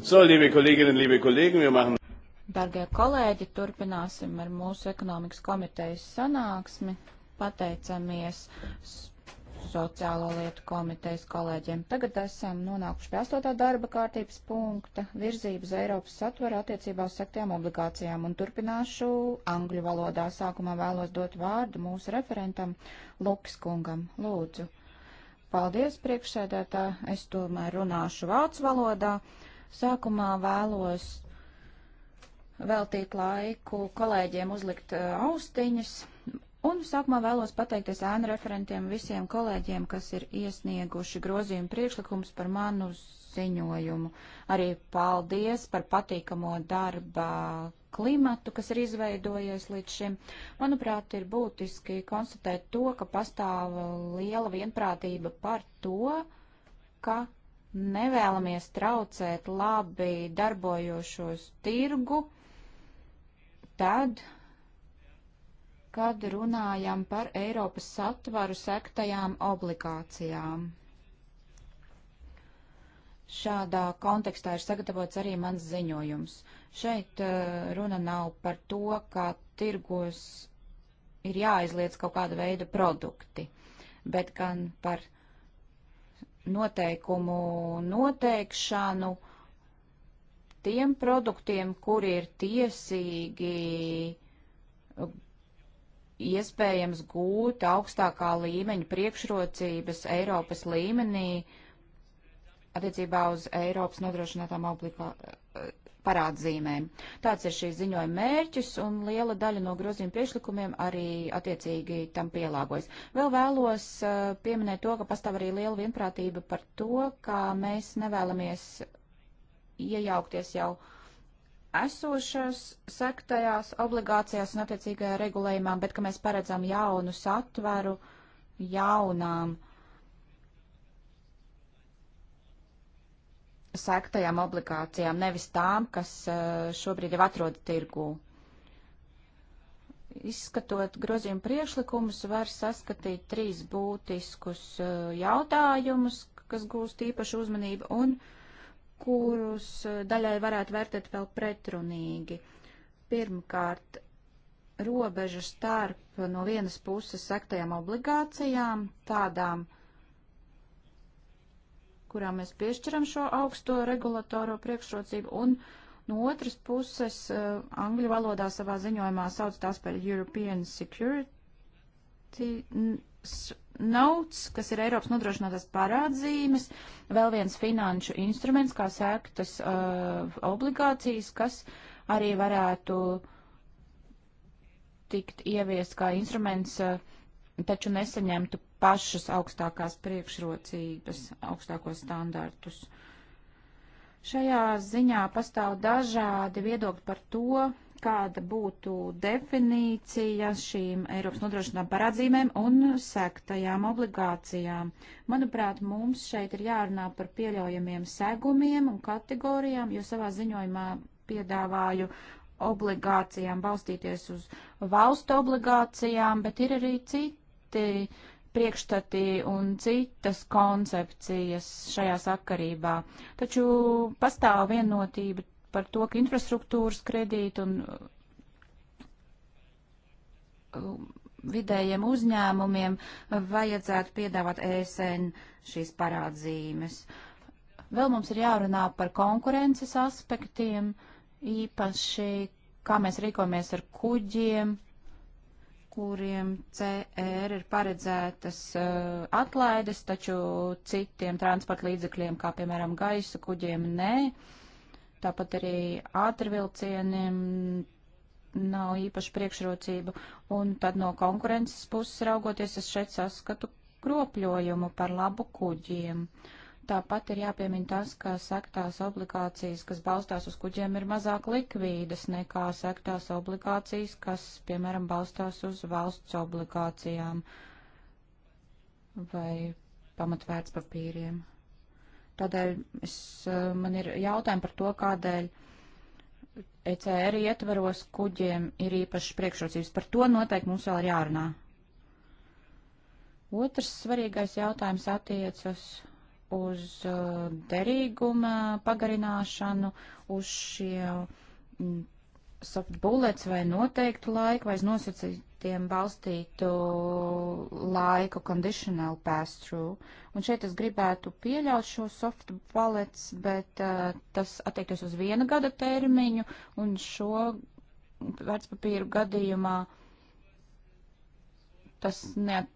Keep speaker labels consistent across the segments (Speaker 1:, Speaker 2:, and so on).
Speaker 1: So, liebe Kolleginnen, liebe Kollegen, wir machen.
Speaker 2: Dargie kolēģi, turpināsim ar mūsu ekonomikas komitejas sanāksmi. Pateicamies sociālo lietu komitejas kolēģiem. Tagad esam nonākuši pie 8. darba kārtības punkta virzības Eiropas satvera attiecībā uz sektiem obligācijām un turpināšu angļu valodā. Sākumā vēlos dot vārdu mūsu referentam Lukas kungam. Lūdzu. Paldies, priekšsēdētā. Es tomēr runāšu vācu valodā. Uh, Sākumā vēlos veltīt laiku kolēģiem uzlikt e, austiņas. Un sākumā vēlos pateikties ēnu referentiem visiem kolēģiem, kas ir iesnieguši grozījumu priekšlikums par manu ziņojumu. Arī paldies par patīkamo darba klimatu, kas ir izveidojies līdz šim. Manuprāt, ir būtiski konstatēt to, ka pastāv liela vienprātība par to, ka nevēlamies traucēt labi darbojošos tirgu, tad, kad runājam par Eiropas satvaru sektajām obligācijām. Šādā kontekstā ir sagatavots arī mans ziņojums. Šeit uh, runa nav par to, ka tirgos ir jāizliec kaut kāda veida produkti, bet gan par noteikumu noteikšanu tiem produktiem, kuri ir tiesīgi uh, iespējams gūt augstākā līmeņa priekšrocības Eiropas līmenī attiecībā uz Eiropas nodrošinātām obligā, parādzīmēm. Tāds ir šī ziņojuma mērķis, un liela daļa no grozījuma priekšlikumiem arī attiecīgi tam pielāgojas. Vēl vēlos uh, pieminēt to, ka pastāv arī liela vienprātība par to, ka mēs nevēlamies iejaukties jau esošās sektajās obligācijās un attiecīgajā regulējumā, bet ka mēs paredzam jaunu satvaru jaunām uh, sektajām obligācijām, nevis tām, kas eh, šobrīd jau atrodas tirgū. Izskatot grozījumu priekšlikumus, var saskatīt trīs būtiskus eh, jautājumus, kas gūst īpašu uzmanību un kurus eh, daļai varētu vērtēt vēl pretrunīgi. Pirmkārt, robeža starp no vienas puses sektajām obligācijām, tādām, uh, kurām mēs piešķiram šo augsto regulatoro priekšrocību, un no otras puses eh, angļu valodā savā ziņojumā sauc tās par European Security Notes, kas ir Eiropas nodrošinātās parādzīmes, vēl viens finanšu instruments, kā sēktas uh, eh, obligācijas, kas arī varētu tikt ieviest kā instruments, uh, taču nesaņemtu pašas augstākās priekšrocības, augstākos standartus. Šajā ziņā pastāv dažādi viedokļi par to, kāda būtu definīcija šīm Eiropas nodrošinām parādzīmēm un sektajām obligācijām. Manuprāt, mums šeit ir jārunā par pieļaujamiem segumiem un kategorijām, jo savā ziņojumā piedāvāju obligācijām balstīties uz valstu obligācijām, bet ir arī citi priekšstati un citas koncepcijas šajā sakarībā. Taču pastāv vienotība par to, ka infrastruktūras kredīti un uh, vidējiem uzņēmumiem vajadzētu piedāvāt ESN šīs parādzīmes. Vēl mums ir jārunā par konkurences aspektiem, īpaši kā mēs rīkojamies ar kuģiem, kuriem CR ir paredzētas uh, atlaides, taču citiem transporta līdzekļiem, kā piemēram gaisa kuģiem, nē. Tāpat arī ātrvilcieniem nav īpaši priekšrocību. Un tad no konkurences puses raugoties, es šeit saskatu kropļojumu par labu kuģiem. Uh, Tāpat ir jāpiemina tas, ka sektās obligācijas, kas balstās uz kuģiem, ir mazāk likvīdas nekā sektās obligācijas, kas, piemēram, balstās uz valsts obligācijām vai pamatvērtspapīriem. Tādēļ es, eh, man ir jautājumi par to, kādēļ ECR ietveros kuģiem ir īpašas priekšrocības. Par to noteikti mums vēl ir jārunā. Otrs svarīgais jautājums attiecas uz uh, derīguma pagarināšanu, uz šie mm, soft bullets vai noteiktu laiku vai uz nosacītiem balstītu laiku conditional pass-through. Un šeit es gribētu pieļaut šo soft bullets, bet uh, tas attiektos uz viena gada termiņu un šo vērtspapīru gadījumā tas neat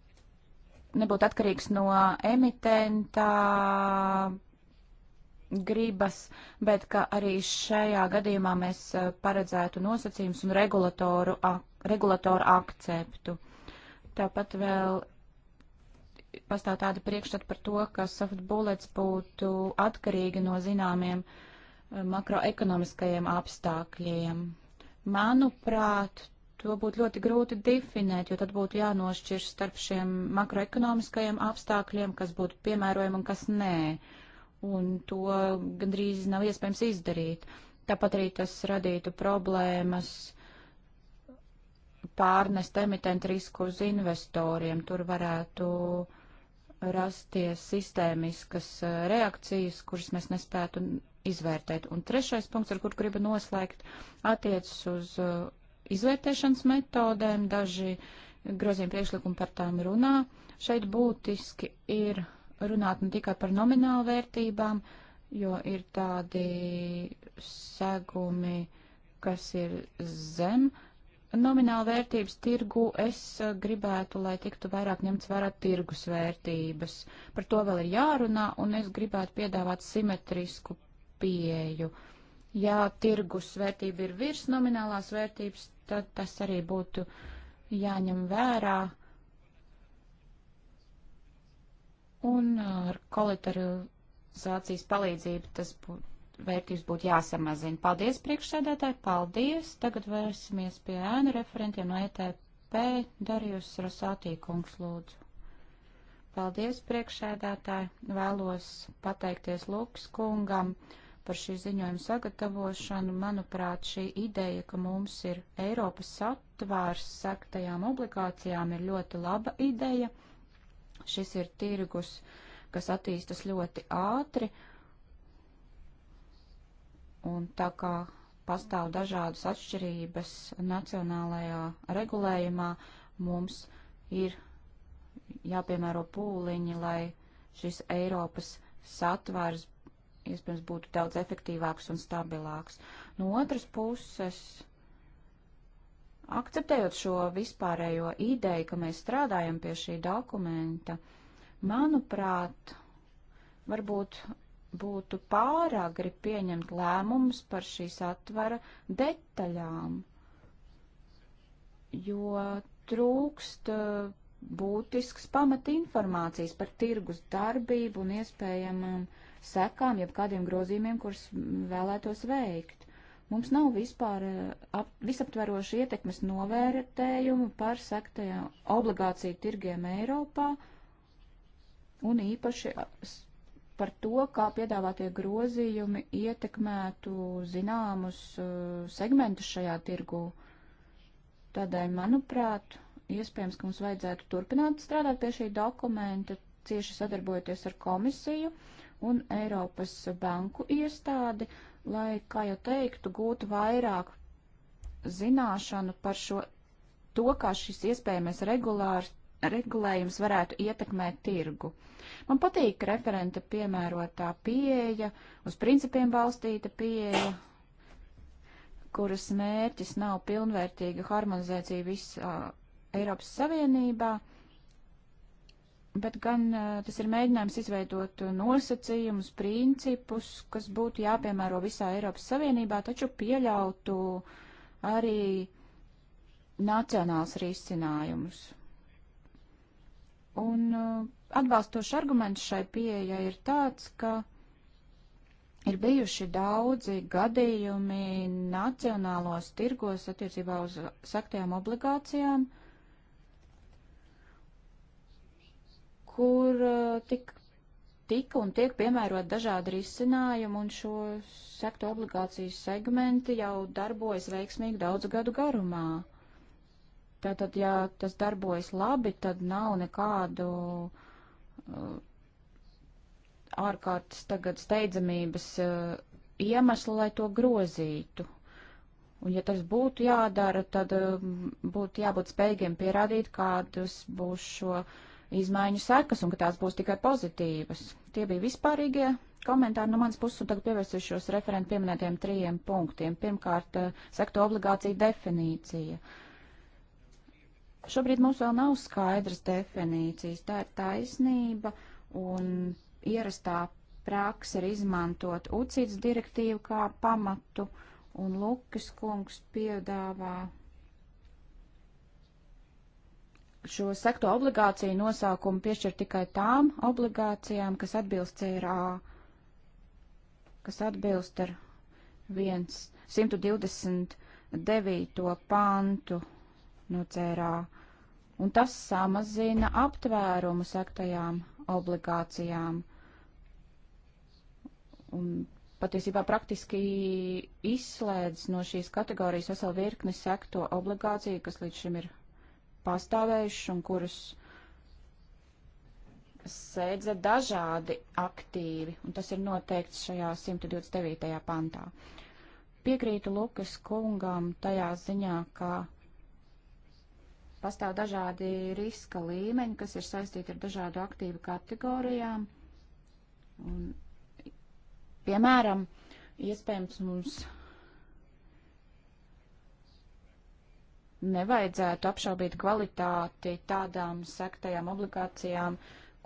Speaker 2: nebūtu atkarīgs no emitenta gribas, bet ka arī šajā gadījumā mēs eh, paredzētu nosacījums un regulatoru, regulatoru akceptu. Tāpat vēl pastāv tāda priekšstata par to, ka soft bullets būtu atkarīgi no zināmiem eh, makroekonomiskajiem apstākļiem. Manuprāt, To būtu ļoti grūti definēt, jo tad būtu jānošķir starp šiem makroekonomiskajiem apstākļiem, kas būtu piemērojami un kas nē. Un to gandrīz nav iespējams izdarīt. Tāpat arī tas radītu problēmas pārnest emitentu risku uz investoriem. Tur varētu rasties sistēmiskas e, reakcijas, kuras mēs nespētu izvērtēt. Un trešais punkts, ar kur gribu noslēgt, attiecas uz e, izvērtēšanas metodēm, daži grozījumi priekšlikumi par tām runā. Šeit būtiski ir runāt ne tikai par nominālu vērtībām, jo ir tādi segumi, kas ir zem nomināla vērtības tirgu, es eh, gribētu, lai tiktu vairāk ņemts vērā tirgus vērtības. Par to vēl ir jārunā, un es gribētu piedāvāt simetrisku pieeju. Uh, ja tirgus vērtība ir virs nominālās vērtības, tad tas arī būtu jāņem vērā. Un ar kolektorizācijas palīdzību tas būtu vērtības būtu jāsamazina. Paldies, priekšsēdētāji, paldies. Tagad vērsimies pie ēnu referentiem no ETP. Darījus Rosātī kungs lūdzu. Paldies, priekšsēdētāji. Vēlos pateikties Lūks kungam. Uh, par šī ziņojuma sagatavošanu. Manuprāt, šī ideja, ka mums ir Eiropas satvērs sektajām obligācijām, ir ļoti laba ideja. Šis ir tirgus, kas attīstas ļoti ātri, un tā kā pastāv dažādas atšķirības nacionālajā regulējumā, mums ir jāpiemēro pūliņi, lai šis Eiropas satvars iespējams būtu daudz efektīvāks un stabilāks. No otras puses, akceptējot šo vispārējo ideju, ka mēs strādājam pie šī dokumenta, manuprāt, varbūt būtu pāragri pieņemt lēmumus par šīs atvara detaļām, jo trūkst uh, būtisks pamata informācijas par tirgus darbību un iespējamam uh, sekām, jeb kādiem grozījumiem, kurus vēlētos veikt. Mums nav vispār eh, ap, visaptveroši ietekmes novērtējumu par sektajām obligāciju tirgiem Eiropā un īpaši par to, kā piedāvātie grozījumi ietekmētu zināmus eh, segmentus šajā tirgu. Tādēļ, manuprāt, iespējams, ka mums vajadzētu turpināt strādāt pie šī dokumenta, cieši sadarbojoties ar komisiju. Uh, un Eiropas banku iestādi, lai, kā jau teiktu, gūtu vairāk zināšanu par šo, to, kā šis iespējamais regulārs, regulējums varētu ietekmēt tirgu. Man patīk referenta piemērotā pieeja, uz principiem balstīta pieeja, kuras mērķis nav pilnvērtīga harmonizācija visā Eiropas Savienībā. Uh, bet gan eh, tas ir mēģinājums izveidot eh, nosacījumus, principus, kas būtu jāpiemēro visā Eiropas Savienībā, taču pieļautu arī nacionāls risinājumus. Un eh, atbalstošs arguments šai pieeja ir tāds, ka ir bijuši daudzi gadījumi nacionālos tirgos attiecībā uz saktajām obligācijām, uh, kur uh, tik, tika un tiek piemērot dažādi risinājumi, un šo sektu obligāciju segmenti jau darbojas veiksmīgi daudzu gadu garumā. Tātad, ja tas darbojas labi, tad nav nekādu uh, ārkārtas tagad steidzamības uh, iemeslu, lai to grozītu. Un, ja tas būtu jādara, tad uh, būtu jābūt spējīgiem pierādīt, kādas būs šo uh, izmaiņu sekas un ka tās būs tikai pozitīvas. Tie bija vispārīgie komentāri no manas puses, un tagad pievērsīšos referentu pieminētiem trījiem punktiem. Pirmkārt, eh, sektu obligācija definīcija. Šobrīd mums vēl nav skaidras definīcijas. Tā ir taisnība un ierastā praksa ir izmantot UCITS direktīvu kā pamatu, un Lukas kungs piedāvā šo sekto obligāciju nosaukumu piešķir tikai tām obligācijām, kas atbilst CRA, kas atbilst ar 1, 129. pantu no CRA, un tas samazina aptvērumu sektajām obligācijām. Un patiesībā praktiski izslēdz no šīs kategorijas veselu virkni sekto obligāciju, kas līdz šim ir pastāvējušas un kurus sēdza dažādi aktīvi, un tas ir noteikts šajā 129. pantā. Piekrītu Lukas kungam tajā ziņā, ka pastāv dažādi riska līmeņi, kas ir saistīti ar dažādu aktīvu kategorijām. Un, piemēram, iespējams mums nevajadzētu apšaubīt kvalitāti tādām sektajām obligācijām,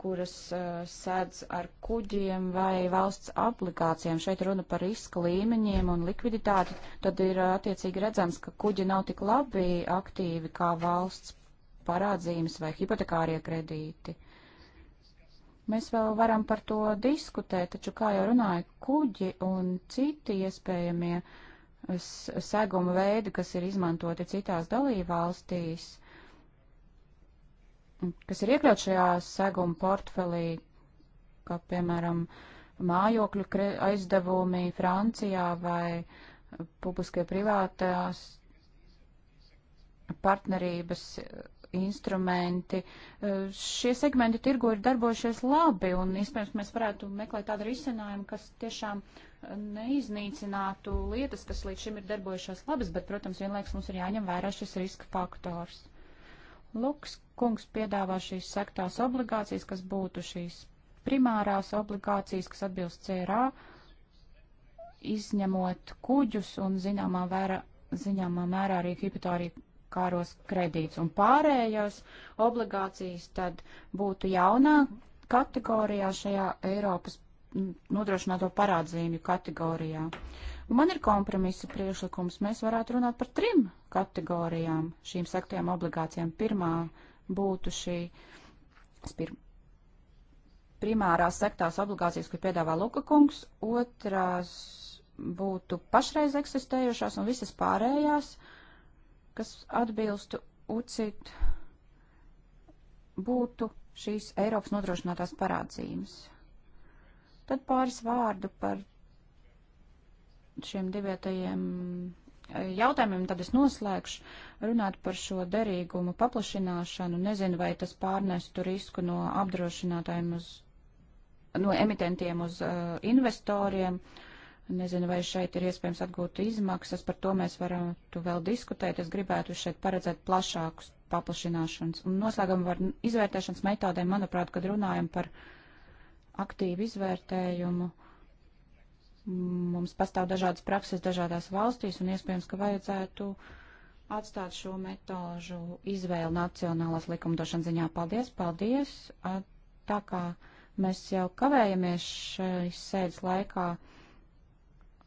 Speaker 2: kuras uh, sēdz ar kuģiem vai valsts obligācijām. Šeit runa par riska līmeņiem un likviditāti. Tad ir uh, attiecīgi redzams, ka kuģi nav tik labi aktīvi kā valsts parādzīmes vai hipotekārie kredīti. Mēs vēl varam par to diskutēt, taču, kā jau runāju, kuģi un citi iespējamie uh, seguma veidi, kas ir izmantoti citās dalībvalstīs, kas ir iekļauts šajā seguma portfelī, kā piemēram mājokļu aizdevumi Francijā vai publiskie privātās partnerības instrumenti. Eh, šie segmenti tirgu ir darbojušies labi, un iespējams mēs varētu meklēt tādu risinājumu, kas tiešām eh, neiznīcinātu lietas, kas līdz šim ir darbojušās labas, bet, protams, vienlaiks mums ir jāņem vērā šis riska faktors. Luks kungs piedāvā šīs sektās obligācijas, kas būtu šīs primārās obligācijas, kas atbilst CRA, izņemot kuģus un zināmā, vēra, zināmā mērā arī hipotekāros kredītus un pārējos obligācijas, tad būtu jaunā kategorijā šajā Eiropas nodrošināto parādzīmju kategorijā. Un man ir kompromisa priekšlikums. Mēs varētu runāt par trim kategorijām šīm sektajām obligācijām. Pirmā būtu šī spir, primārās sektās obligācijas, ko piedāvā Lukakungs. Otrās būtu pašreiz eksistējušās un visas pārējās uh, kas atbilstu UCIT, būtu šīs Eiropas nodrošinātās parādzības. Tad pāris vārdu par šiem divietajiem eh, jautājumiem, tad es noslēgšu runāt par šo derīgumu paplašināšanu. Nezinu, vai tas pārnestu risku no apdrošinātājiem uz, no emitentiem uz uh, investoriem. Uh, Nezinu, vai šeit ir iespējams atgūt izmaksas, par to mēs varam vēl diskutēt. Es gribētu šeit paredzēt plašākus paplašināšanas. Un noslēgumā var izvērtēšanas metodēm, manuprāt, kad runājam par aktīvu izvērtējumu, mums pastāv dažādas prakses dažādās valstīs un iespējams, ka vajadzētu atstāt šo metožu izvēlu nacionālās likumdošanas ziņā. Paldies, paldies! Tā kā mēs jau kavējamies šīs sēdes laikā.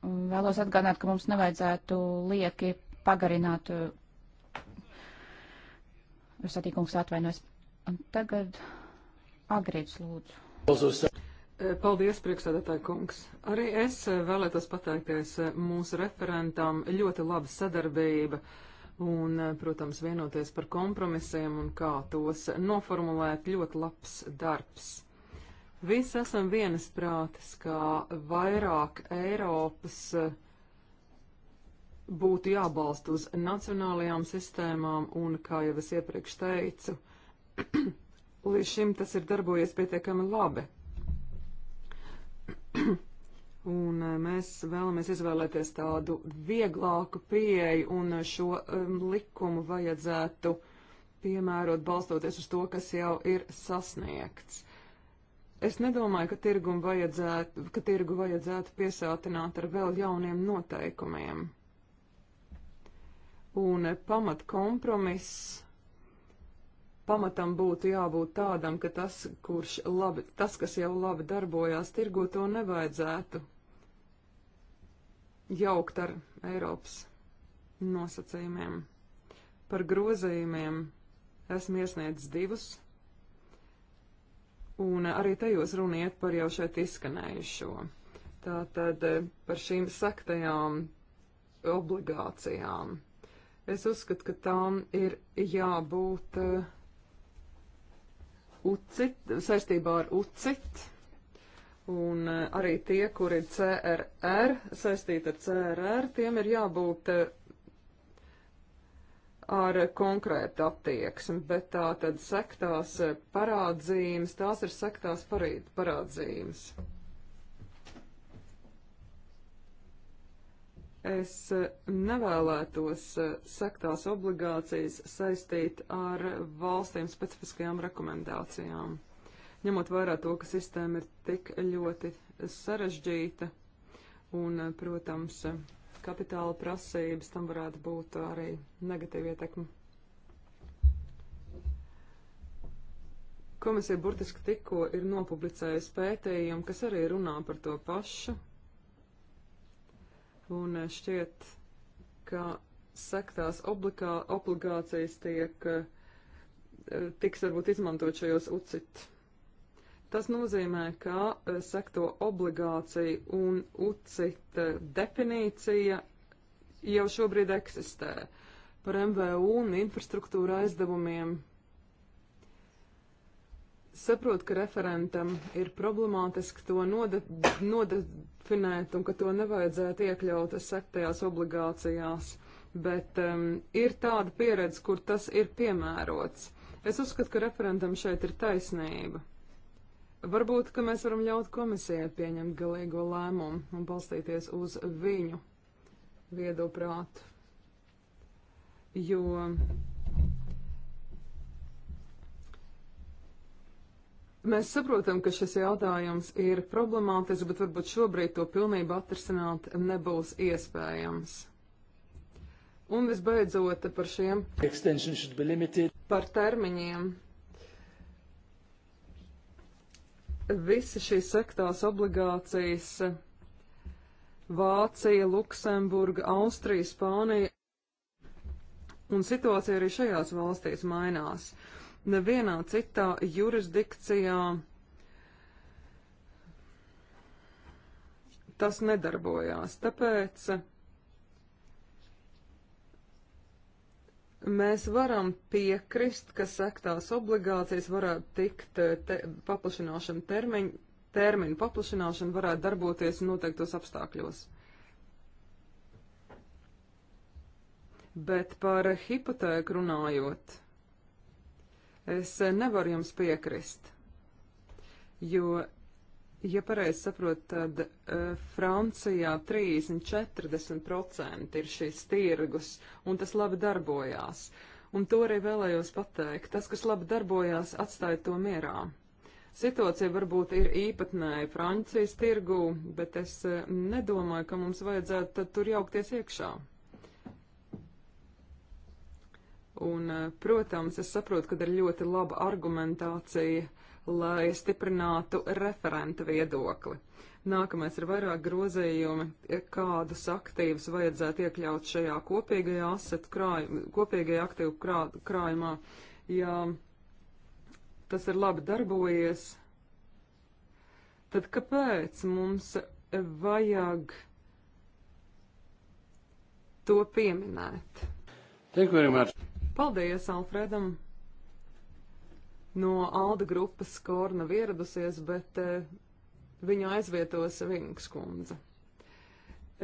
Speaker 2: Vēlos atgādināt, ka mums nevajadzētu lieki pagarināt. Satīkums atvainojas. Un tagad Agrīts
Speaker 3: lūdzu. Paldies, priekšsēdētāji kungs. Arī es vēlētos pateikties mūsu referentam ļoti laba sadarbība un, protams, vienoties par kompromisiem un kā tos noformulēt ļoti labs darbs. Visi esam vienasprātis, ka vairāk Eiropas eh, būtu jābalst uz nacionālajām sistēmām un, kā jau es iepriekš teicu, līdz šim tas ir darbojies pietiekami labi. Un eh, mēs vēlamies izvēlēties tādu vieglāku pieeju, un šo um, likumu vajadzētu piemērot balstoties uz to, kas jau ir sasniegts. Es nedomāju, ka, tirgum vajadzētu, ka tirgu vajadzētu piesātināt ar vēl jauniem noteikumiem. Un pamat kompromiss pamatam būtu jābūt tādam, ka tas, kurš labi, tas, kas jau labi darbojās tirgu, to nevajadzētu jaukt ar Eiropas nosacījumiem. Par grozījumiem esmu iesniedzis divus un arī tajos runiet par jau šeit izskanējušo. Tātad eh, par šīm saktajām obligācijām. Es uzskatu, ka tām ir jābūt uh, UCIT, saistībā ar UCIT, un uh, arī tie, kur ir CRR, saistīti ar CRR, tiem ir jābūt uh, ar konkrētu attieksmi, bet tā tad sektās parādzīmes, tās ir sektās parīt, parādzīmes. Es nevēlētos sektās obligācijas saistīt ar valstīm specifiskajām rekomendācijām. Ņemot vērā to, ka sistēma ir tik ļoti sarežģīta un, protams, kapitāla prasības, tam varētu būt arī negatīva ietekme. Komisija burtiski tikko ir nopublicējusi pētījumu, kas arī runā par to pašu. Un šķiet, ka sektās obligā, obligācijas tiek, eh, tiks varbūt izmantot šajos UCIT Tas nozīmē, ka eh, sekto obligāciju un UCIT eh, definīcija jau šobrīd eksistē par MVU un infrastruktūra aizdevumiem. Saprotu, ka referentam ir problemātiski to node, nodefinēt un ka to nevajadzētu iekļaut sektajās obligācijās, bet um, ir tāda pieredze, kur tas ir piemērots. Es uzskatu, ka referentam šeit ir taisnība. Varbūt, ka mēs varam ļaut komisijai pieņemt galīgo lēmumu un balstīties uz viņu viedo prātu. Jo mēs saprotam, ka šis jautājums ir problemātisks, bet varbūt šobrīd to pilnībā atrisināt nebūs iespējams. Un visbeidzot par šiem par termiņiem. visi šīs sektās obligācijas Vācija, Luksemburga, Austrija, Spānija, un situācija arī šajās valstīs mainās. Nevienā citā jurisdikcijā tas nedarbojās, tāpēc Mēs varam piekrist, ka sektās obligācijas varētu tikt eh, te, paplašināšana termiņu, termiņu paplašināšana varētu darboties noteiktos apstākļos. Bet par hipotēku runājot, es nevaru jums piekrist, jo Ja pareizi saprotu, tad uh, Francijā 30-40% ir šīs tirgus, un tas labi darbojās. Un to arī vēlējos pateikt. Tas, kas labi darbojās, atstāja to mierā. Situācija varbūt ir īpatnēja Francijas tirgū, bet es uh, nedomāju, ka mums vajadzētu tad tur jaukties iekšā. Un, uh, protams, es saprotu, ka ir ļoti laba argumentācija uh, lai stiprinātu referenta viedokli. Nākamais ir vairāk grozījumi, kādus aktīvus vajadzētu iekļaut šajā kopīgajā asetu krājumā, kopīgajā aktīvu krā, krājumā. Ja tas ir labi darbojies, tad kāpēc mums vajag to pieminēt? Paldies Alfredam! no Alda grupas, kur nav ieradusies, bet eh, viņu aizvietos Vinks kundze.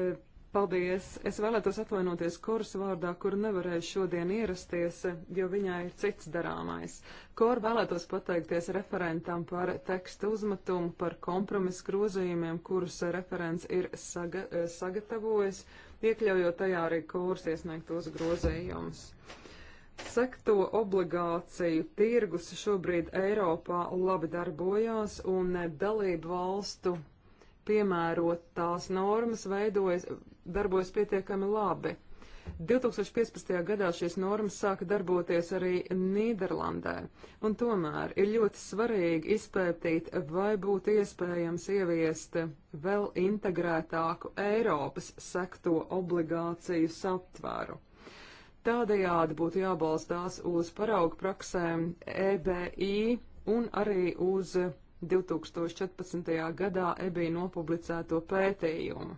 Speaker 3: Eh, paldies! Es vēlētos atvainoties Koras vārdā, kur nevarēju šodien ierasties, eh, jo viņai ir cits darāmais. Kor vēlētos pateikties referentam par tekstu uzmetumu, par kompromisu grozījumiem, kurus referents ir saga sagatavojis, iekļaujot tajā arī kurs iesniegtos grozījumus. Sekto obligāciju tirgus šobrīd Eiropā labi darbojās un dalību valstu piemērotās normas veidojas, darbojas pietiekami labi. 2015. gadā šīs normas sāka darboties arī Nīderlandē, un tomēr ir ļoti svarīgi izpētīt, vai būtu iespējams ieviest vēl integrētāku Eiropas sekto obligāciju satvaru. Tādējādi būtu jābalstās uz paraugu praksēm EBI un arī uz 2014. gadā EBI nopublicēto pētījumu.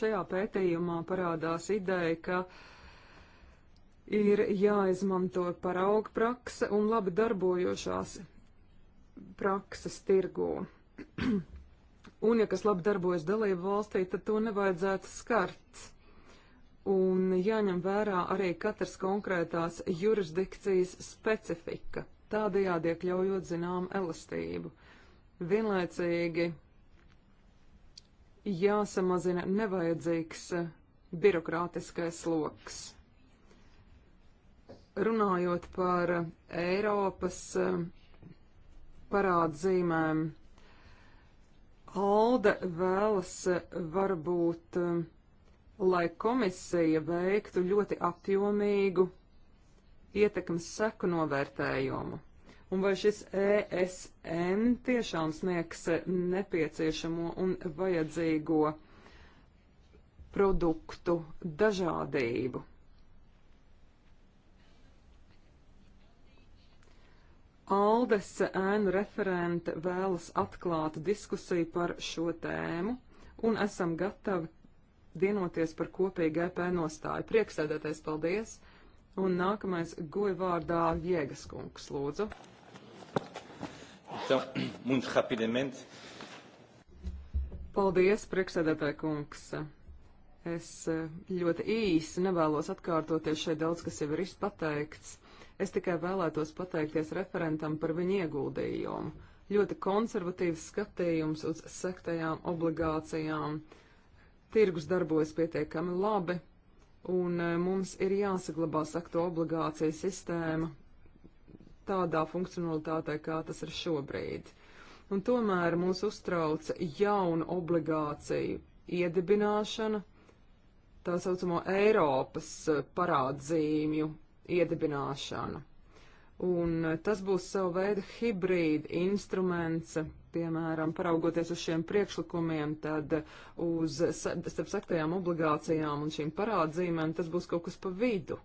Speaker 3: Šajā pētījumā parādās ideja, ka ir jāizmanto parauga prakse un labi darbojošās prakses tirgū. un, ja kas labi darbojas dalību valstī, tad to nevajadzētu skart un jāņem vērā arī katras konkrētās jurisdikcijas specifika, tādējādi iekļaujot zinām elastību. Vienlaicīgi jāsamazina nevajadzīgs eh, birokrātiskais sloks. Runājot par Eiropas eh, parādzīmēm, Alde vēlas eh, varbūt uh, lai komisija veiktu ļoti apjomīgu ietekmes seku novērtējumu. Un vai šis ESN tiešām sniegs nepieciešamo un vajadzīgo produktu dažādību? Aldes ēnu referente vēlas atklāt diskusiju par šo tēmu, un esam gatavi vienoties par kopīgu EP nostāju. Prieksēdētais, paldies! Un nākamais goja vārdā Jēgas kungs, lūdzu. Paldies, prieksēdētāji kungs! Es eh, ļoti īsi nevēlos atkārtoties šeit daudz, kas jau ir izpateikts. Es tikai vēlētos pateikties referentam par viņa ieguldījumu. Ļoti konservatīvs skatījums uz sektajām obligācijām. Uh, tirgus darbojas pietiekami labi, un e, mums ir jāsaglabā sakto obligācija sistēma tādā funkcionalitātē, kā tas ir šobrīd. Un tomēr mūs uztrauc jaunu obligāciju iedibināšana, tā saucamo Eiropas e, parādzīmju iedibināšana. Un e, tas būs savu veidu hibrīda instruments piemēram, paraugoties uz šiem priekšlikumiem, tad uz starp sektajām obligācijām un šīm parādzīmēm tas būs kaut kas pa vidu.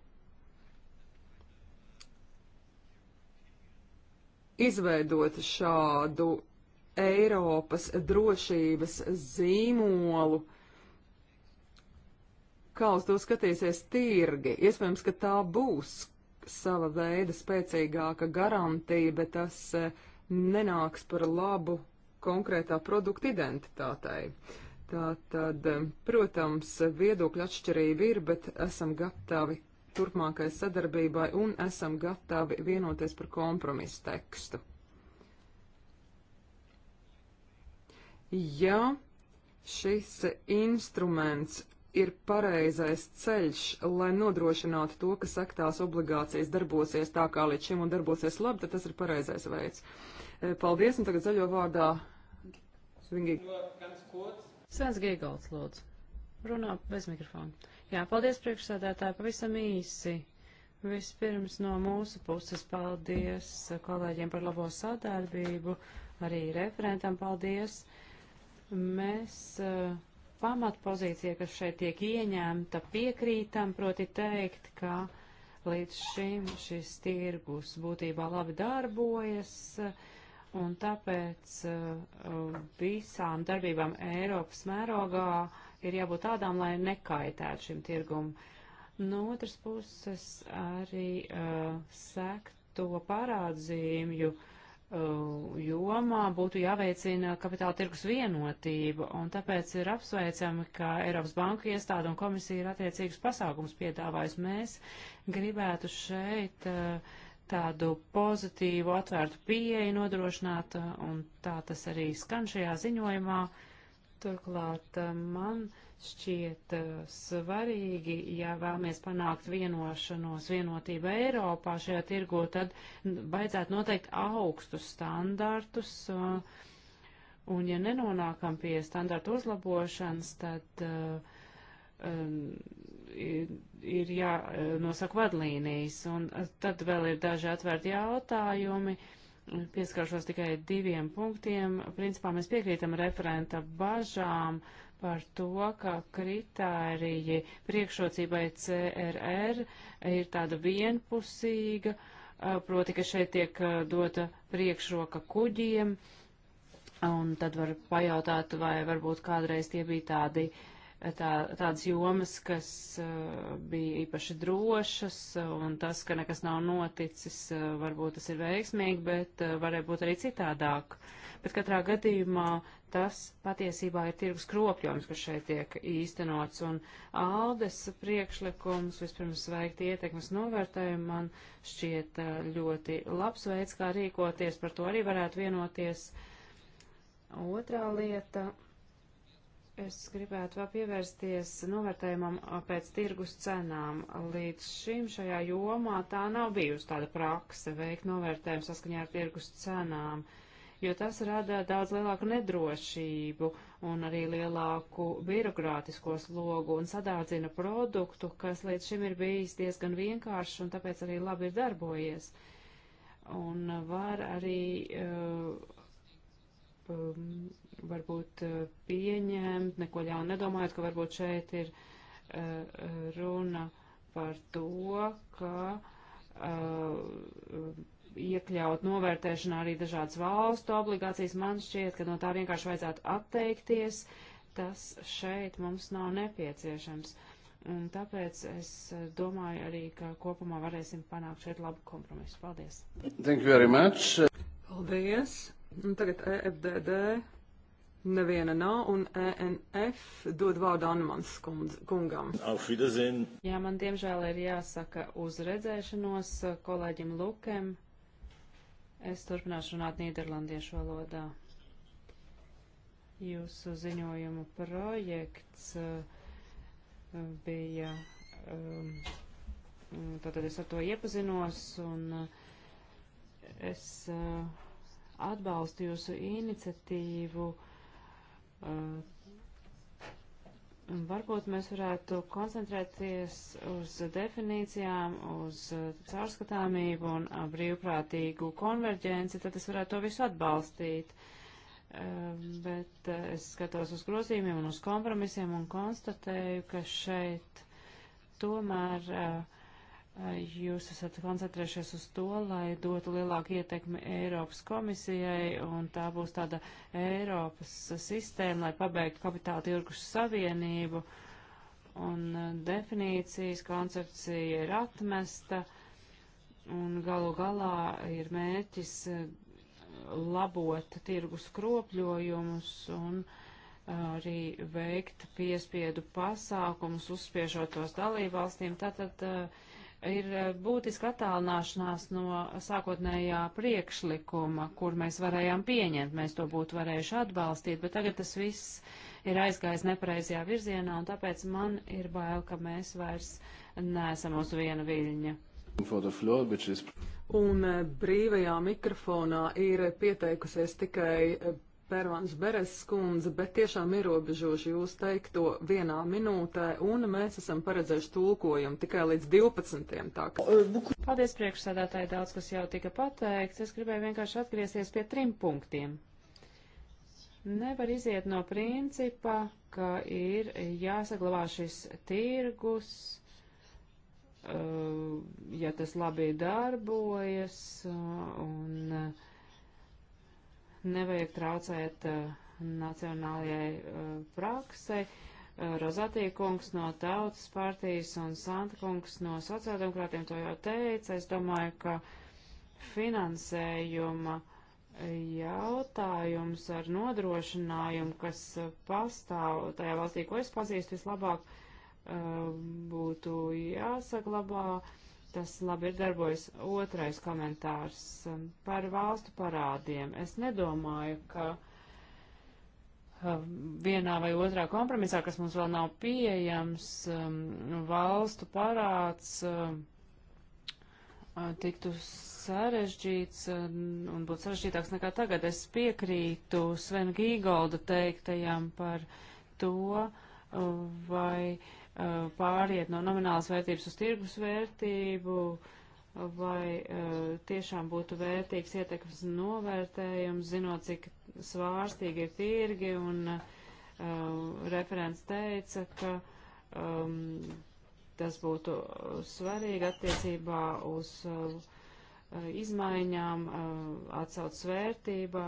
Speaker 3: Izveidot šādu Eiropas drošības zīmolu kā uz to skatīsies tirgi. Iespējams, ka tā būs sava veida spēcīgāka garantija, bet tas eh, nenāks par labu konkrētā produkta identitātei. Tā tad, protams, viedokļa atšķirība ir, bet esam gatavi turpmākai sadarbībai un esam gatavi vienoties par kompromisu tekstu. Ja šis instruments ir pareizais ceļš, lai nodrošinātu to, ka sektās obligācijas darbosies tā kā līdz šim un darbosies labi, tad tas ir pareizais veids. Uh, Eh, paldies, un tagad zaļo vārdā Svingīgi. Svens Gīgolds,
Speaker 1: lūdzu. Runā bez mikrofona. Jā, paldies priekšsēdētāji, pavisam īsi. Vispirms no mūsu puses paldies kolēģiem par labo sadarbību, arī referentam paldies. Mēs uh, pamatpozīcija, kas šeit tiek ieņemta, piekrītam, proti teikt, ka līdz šim šis tirgus būtībā labi darbojas. Uh, un tāpēc uh, visām darbībām Eiropas mērogā ir jābūt tādām, lai nekaitētu šim tirgum. No otras puses arī uh, sekto parādzīmju uh, jomā būtu jāveicina kapitāla tirgus vienotība, un tāpēc ir apsveicami, ka Eiropas Banka iestāde un komisija ir attiecīgus pasākums piedāvājis. Mēs gribētu šeit uh, tādu pozitīvu, atvērtu pieeju nodrošināt, uh, un tā tas arī skan šajā ziņojumā. Turklāt uh, man šķiet uh, svarīgi, ja vēlamies panākt vienošanos, vienotību Eiropā šajā tirgo, tad baidzētu noteikt augstus standartus, un ja nenonākam pie standartu uzlabošanas, tad um, ir jānosaka vadlīnijas. Un tad vēl ir daži atvērti jautājumi. Pieskaršos tikai diviem punktiem. Principā mēs piekrītam referenta bažām par to, ka kritēriji priekšrocībai CRR ir tāda vienpusīga, proti, ka šeit tiek dota priekšroka kuģiem, un tad var pajautāt, vai varbūt kādreiz tie bija tādi uh, tā, tādas jomas, kas uh, bija īpaši drošas, un tas, ka nekas nav noticis, uh, varbūt tas ir veiksmīgi, bet uh, varēja būt arī citādāk. Bet katrā gadījumā tas patiesībā ir tirgus kropļums, kas šeit tiek īstenots, un Aldes priekšlikums vispirms veikt ietekmes novērtējumu man šķiet ļoti labs veids, kā rīkoties, par to arī varētu vienoties. Otrā lieta Es gribētu vēl pievērsties novērtējumam pēc tirgus cenām. Līdz šim šajā jomā tā nav bijusi tāda prakse veikt novērtējumu saskaņā ar tirgus cenām, jo tas rada daudz lielāku nedrošību un arī lielāku birokrātisko slogu un sadārdzina produktu, kas līdz šim ir bijis diezgan vienkāršs un tāpēc arī labi ir darbojies. Un var arī. Uh, um, varbūt eh, pieņemt, neko ļaunu nedomājot, ka varbūt šeit ir eh, runa par to, ka eh, iekļaut novērtēšanā arī dažādas valstu obligācijas. Man šķiet, ka no tā vienkārši vajadzētu atteikties. Tas šeit mums nav nepieciešams. Un tāpēc es domāju arī, ka
Speaker 3: kopumā varēsim panākt šeit labu kompromisu. Paldies! Thank you very much! Paldies! Un tagad EFDD Neviena nav, un ENF dod vārdu Anmans kungam. Jā, man diemžēl ir jāsaka uz
Speaker 1: redzēšanos eh, kolēģim Lukem. Es turpināšu runāt Nīderlandiešu valodā. Jūsu ziņojumu projekts eh, bija, ehm, tātad es ar to iepazinos, un eh, es atbalstu jūsu iniciatīvu Mm. Varbūt mēs varētu koncentrēties uz definīcijām, uz uh, caurskatāmību un uh, brīvprātīgu konverģenci, tad es varētu to visu atbalstīt. Um, bet uh, es skatos uz grozījumiem un uz kompromisiem un konstatēju, ka šeit tomēr uh, Jūs esat koncentrējušies uz to, lai dotu lielāku ietekmi Eiropas komisijai, un tā būs tāda Eiropas sistēma, lai pabeigtu kapitāla tirgus savienību, un uh, definīcijas koncepcija ir atmesta, un galu galā ir mērķis uh, labot tirgus kropļojumus un uh, arī veikt piespiedu pasākumus, uzspiežot tos dalībvalstīm. Tātad, uh, ir eh, būtiska attālināšanās no sākotnējā priekšlikuma, kur mēs varējām pieņemt. Mēs to būtu varējuši atbalstīt, bet tagad tas viss ir aizgājis nepareizajā virzienā, un tāpēc man ir bail, ka mēs vairs neesam uz viena viļņa. Floor, is...
Speaker 3: Un eh, brīvajā mikrofonā ir pieteikusies tikai eh, Pērvāns Beres skundze, bet tiešām ierobežošu jūs teikto vienā minūtē, un mēs esam paredzējuši tulkojumu tikai līdz 12. Tā. Paldies priekšsēdētāji, daudz kas jau tika pateikts. Es gribēju vienkārši atgriezties pie trim
Speaker 1: punktiem. Nevar iziet no principa, ka ir jāsaglabā šis tirgus, uh, ja tas labi darbojas, uh, un uh, nevajag traucēt uh, nacionālajai uh, eh, praksei. Uh, Rozatī kungs no Tautas partijas un Santa kungs no sociāldemokrātiem to jau teica. Es domāju, ka finansējuma eh, jautājums ar nodrošinājumu, kas pastāv tajā valstī, ko es pazīstu vislabāk, būtu jāsaglabā. Tas labi ir darbojas. Otrais komentārs um, par valstu parādiem. Es nedomāju, ka um, vienā vai otrā kompromisā, kas mums vēl nav pieejams, um, valstu parāds uh, tiktu sarežģīts un būtu sarežģītāks nekā tagad. Es piekrītu Sven Gīgolda teiktajam par to, uh, vai uh, Eh, pāriet no nominālas vērtības uz tirgus vērtību, vai eh, tiešām būtu vērtīgs ietekmes novērtējums, zinot, cik svārstīgi ir tirgi, un eh, referents teica, ka um, tas būtu svarīgi attiecībā uz uh, izmaiņām, uh, atsaucas vērtībā.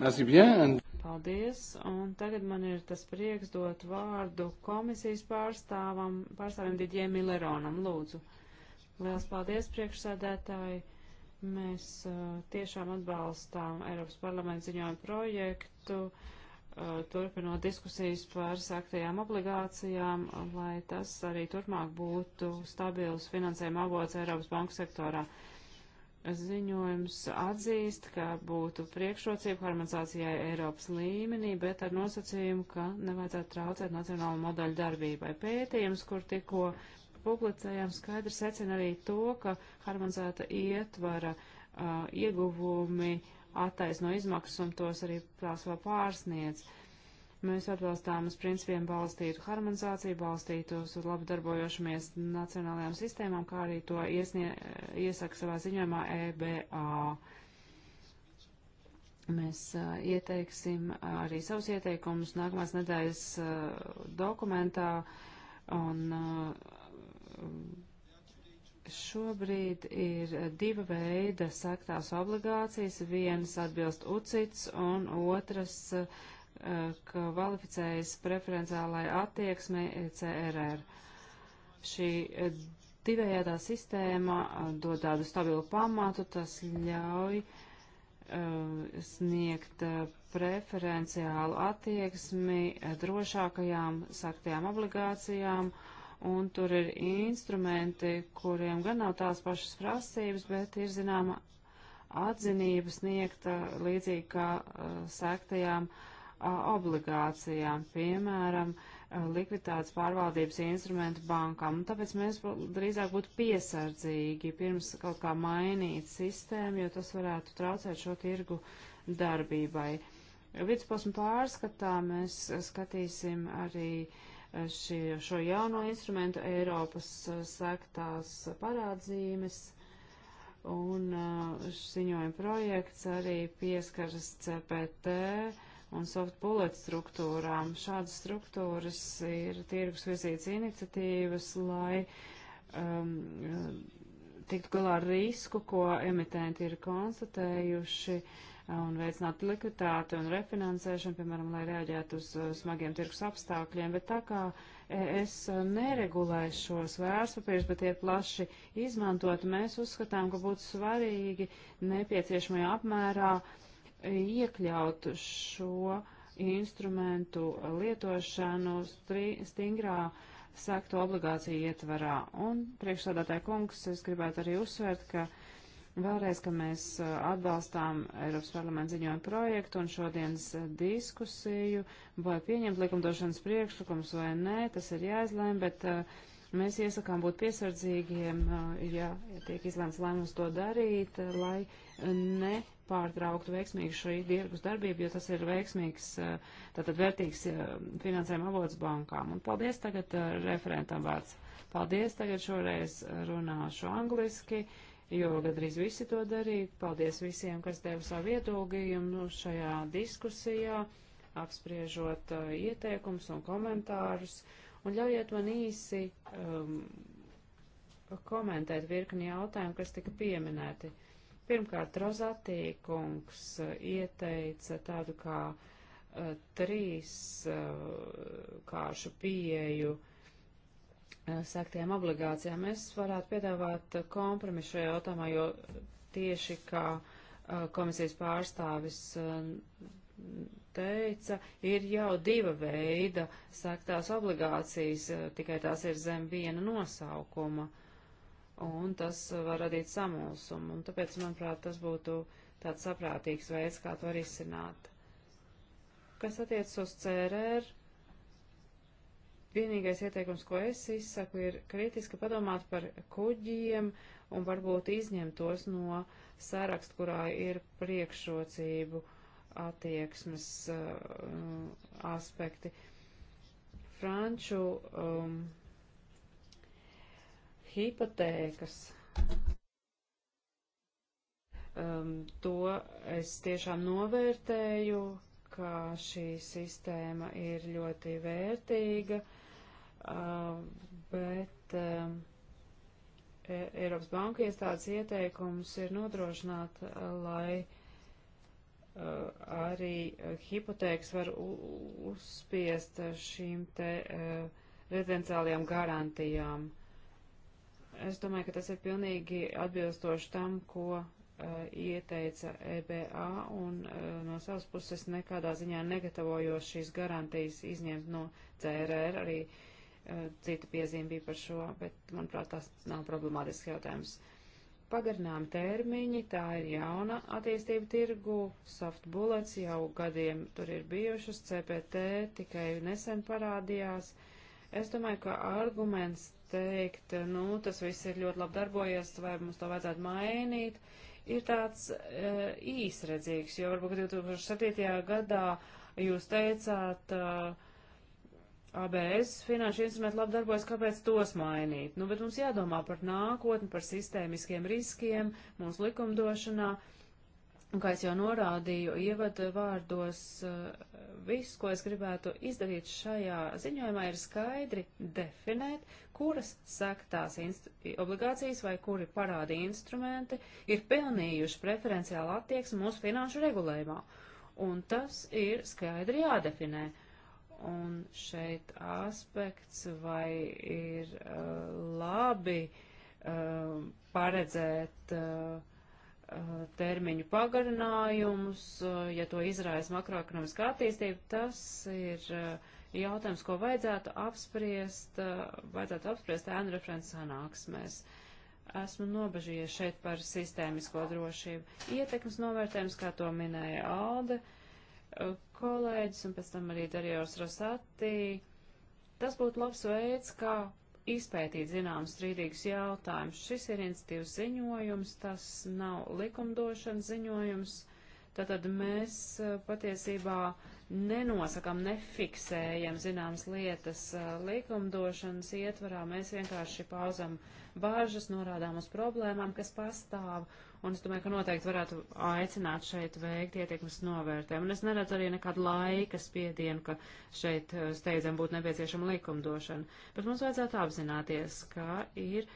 Speaker 1: Bien, and... Paldies, un tagad man ir tas prieks dot vārdu komisijas pārstāvam, pārstāvim Didie Milleronam, lūdzu. Liels paldies, priekšsēdētāji. Mēs uh, tiešām atbalstām Eiropas parlamenta ziņojumu projektu, uh, turpinot diskusijas par sāktajām obligācijām, lai tas arī turpmāk būtu stabils finansējuma avots Eiropas banku sektorā. Uh, ziņojums atzīst, ka būtu priekšrocība harmonizācijai Eiropas līmenī, bet ar nosacījumu, ka nevajadzētu traucēt nacionālu modeļu darbībai. Pētījums, kur tikko publicējām, skaidri secina arī to, ka harmonizēta ietvara uh, ieguvumi attaisno izmaksas un tos arī tās vēl pārsniedz. Uh, Mēs atbalstām uz principiem balstītu harmonizāciju, balstītu uz labi darbojošamies nacionālajām sistēmām, kā arī to iesnie, iesaka savā ziņojumā EBA. Mēs uh, ieteiksim arī savus ieteikumus nākamās nedēļas uh, dokumentā un uh, šobrīd ir diva veida saktās obligācijas. Vienas atbilst UCITS un otras uh, kvalificējas preferenciālai attieksmei e CRR. Šī e, divējādā sistēma e, dod tādu stabilu pamatu, tas ļauj uh, sniegt preferenciālu attieksmi drošākajām saktajām obligācijām, un tur ir instrumenti, kuriem gan nav tās pašas prasības, bet ir zināma atzinība sniegta līdzīgi kā uh, saktajām obligācijām obligācijām, piemēram, likviditātes pārvaldības instrumentu bankām. Un tāpēc mēs drīzāk būtu piesardzīgi pirms kaut kā mainīt sistēmu, jo tas varētu traucēt šo tirgu darbībai. Vidusposmu pārskatā mēs skatīsim arī šie, šo jauno instrumentu Eiropas sektās parādzīmes. Un ziņojuma projekts arī pieskaras CPT, uh, un soft bullet struktūrām. Šādas struktūras ir tirgus vizītes iniciatīvas, lai um, tiktu galā ar risku, ko emitenti ir konstatējuši uh, un veicinātu likviditāti un refinansēšanu, piemēram, lai reaģētu uz uh, smagiem tirgus apstākļiem, bet tā kā es neregulēju šos vērtspapīrus, bet tie plaši izmantot, mēs uzskatām, ka būtu svarīgi nepieciešamajā apmērā uh, iekļaut šo instrumentu lietošanu stingrā sektu obligāciju ietvarā. Un priekšsādātāja kungs, es gribētu arī uzsvērt, ka vēlreiz, ka mēs uh, atbalstām Eiropas parlamenta ziņojumu projektu un šodienas uh, diskusiju, vai pieņemt likumdošanas priekšlikums vai nē, tas ir jāizlēm, bet uh, mēs iesakām būt piesardzīgiem, uh, ja tiek izlēmts lēmums to darīt, lai ne nepārtrauktu veiksmīgu šo tirgus darbību, jo tas ir veiksmīgs, eh, tātad vērtīgs eh, finansējuma avots bankām. Un paldies tagad eh, referentam vārds. Paldies, tagad šoreiz runāšu angliski, jo gadrīz visi to darīja. Paldies visiem, kas deva savu ieguldījumu nu, šajā diskusijā, apspriežot ieteikumus un komentārus. Un ļaujiet man īsi um, komentēt virkni jautājumu, kas tika pieminēti. Uh, Pirmkārt, Rozatī kungs uh, ieteica tādu kā uh, trīs uh, kāršu pieeju uh, sektajām obligācijām. Es varētu piedāvāt uh, kompromisu šajā jautājumā, jo tieši kā uh, komisijas pārstāvis teica, ir jau diva veida sektās obligācijas, tikai tās ir zem viena nosaukuma. Uh, un tas var radīt samulsumu. Un tāpēc, manuprāt, tas būtu tāds saprātīgs veids, kā to risināt. Kas attiec uz CRR, vienīgais ieteikums, ko es izsaku, ir kritiski padomāt par kuģiem un varbūt izņemt tos no sarakstu, kurā ir priekšrocību attieksmes uh, aspekti. Franču um, hipotēkas. Um, to es tiešām novērtēju, ka šī sistēma ir ļoti vērtīga, uh, bet uh, Eiropas Banka iestādes ieteikums ir nodrošināt, lai uh, arī hipotēkas var uzspiest šīm te uh, rezidenciālajām garantijām. Es domāju, ka tas ir pilnīgi atbilstoši tam, ko eh, ieteica EBA, un eh, no savas puses nekādā ziņā negatavojos šīs garantijas izņemt no CRR. Arī uh, cita piezīme bija par šo, bet, manuprāt, tas nav problemātisks jautājums. Pagarinām termiņi, tā ir jauna attīstība tirgu, soft bullets jau gadiem tur ir bijušas, CPT tikai nesen parādījās. Es domāju, ka arguments teikt, nu, tas viss ir ļoti labi darbojies, vai mums to vajadzētu mainīt, ir tāds uh, īsredzīgs, jo varbūt 2007. gadā jūs teicāt, uh, e, ABS finanšu instrumenti labi darbojas, kāpēc tos mainīt? Nu, bet mums jādomā par nākotni, par sistēmiskiem riskiem mūsu likumdošanā. Uh, Un kā es jau norādīju ievada vārdos, eh, viss, ko es gribētu izdarīt šajā ziņojumā, ir skaidri definēt, kuras sektās obligācijas vai kuri parādi instrumenti ir pelnījuši preferenciālu attieksmi mūsu finanšu regulējumā. Un tas ir skaidri jādefinē. Un šeit aspekts vai ir uh, labi uh, paredzēt uh, Eh, termiņu pagarinājumus, eh, ja to izraisa makroekonomiskā attīstība, tas ir eh, jautājums, ko vajadzētu apspriest, vajadzētu apspriest ēnu referents sanāksmēs. Esmu nobežījies šeit par sistēmisko drošību. Ietekmes novērtējums, kā to minēja Alde, kolēģis un pēc tam arī Darijos Rosati. Tas būtu labs veids, kā izpētīt zināmas strīdīgas jautājumus. Šis ir institīvs ziņojums, tas nav likumdošanas ziņojums. Uh, Tātad mēs patiesībā nenosakam, nefiksējam zināmas lietas likumdošanas ietvarā, mēs vienkārši pauzam bāžas, norādām uz problēmām, kas pastāv, un es domāju, ka noteikti varētu aicināt šeit veikt ietekmes novērtējumu. Un es neredzu arī nekādu laika spiedienu, ka šeit steidzam būtu nepieciešama likumdošana, bet mums vajadzētu apzināties, ka ir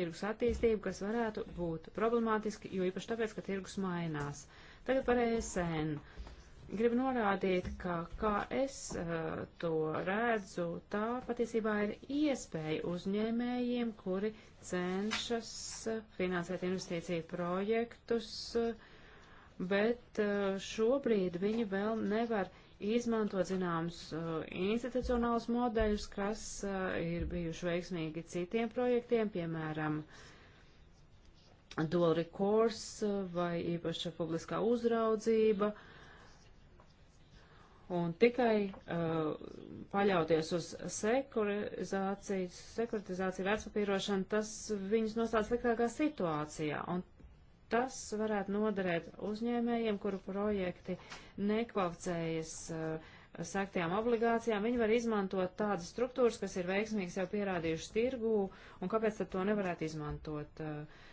Speaker 1: tirgus attīstību, kas varētu būt problemātiski, jo īpaši tāpēc, ka tirgus mainās. Uh, Tagad par ESN. Gribu norādīt, ka kā es uh, to redzu, tā patiesībā ir iespēja uzņēmējiem, kuri cenšas eh, finansēt investīciju projektus, eh, bet uh, šobrīd viņi vēl nevar izmantot zināmus uh, institucionālus modeļus, kas ir bijuši veiksmīgi citiem projektiem, piemēram, uh, dual recourse vai īpaša publiskā uzraudzība. Un tikai uh, paļauties uz sekurizāciju, sekuritizāciju, vērtspapīrošanu, tas viņus nostāda sliktākā situācijā. Un tas varētu noderēt uzņēmējiem, kuru projekti nekvalificējas uh, sektajām obligācijām, viņi var izmantot tādas struktūras, kas ir veiksmīgas jau pierādījušas tirgū, un kāpēc tad to nevarētu izmantot? Uh,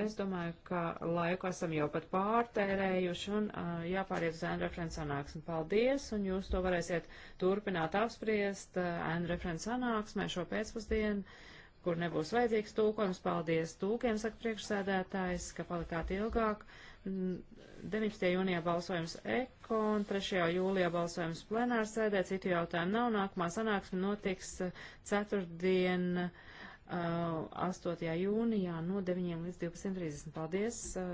Speaker 1: Es domāju, ka laiku esam jau pat pārtērējuši un uh, jāpāriet uz N-referents sanāksmi. Paldies, un jūs to varēsiet turpināt apspriest uh, N-referents sanāksmē šo pēcpusdienu, kur nebūs vajadzīgs tūkojums. Paldies tūkiem, saka priekšsēdētājs, ka palikāt ilgāk. 19. jūnijā balsojums ekon, 3. jūlijā balsojums plenārsēdē, citu jautājumu nav, nākamā sanāksme notiks ceturtdien. Uh, Uh, 8. jūnijā no 9 līdz 12.30. Paldies! Uh,